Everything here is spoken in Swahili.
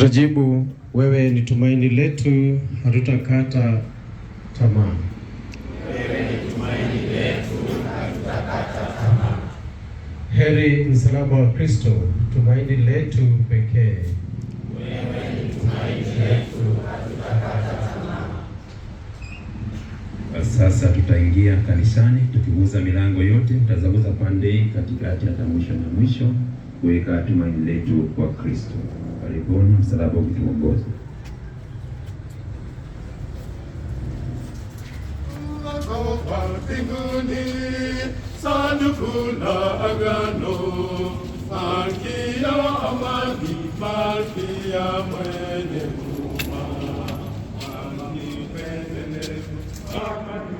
Tutajibu, wewe ni tumaini letu, hatutakata tamaa. Wewe ni tumaini letu, hatutakata tamaa. Heri msalaba wa Kristo, tumaini letu pekee. Wewe ni tumaini letu, hatutakata tamaa. Sasa tutaingia kanisani tukiguza milango yote, tutazaguza pande katikati hata mwisho na mwisho, kuweka tumaini letu kwa Kristo. mbinguni, msalaba ukituongoza. Sanduku la agano, malkia amani, malkia mwenye huruma, amani pendelevu, amani